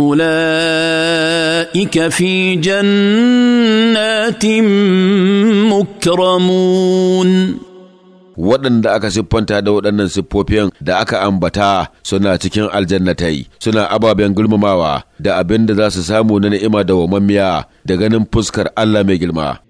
اولئك في جنات مكرمون waɗanda aka siffanta da waɗannan siffofin da aka ambata suna cikin aljannatai suna ababen girmamawa da abin da za su samu na ni'ima da wamammiya da ganin fuskar Allah mai girma.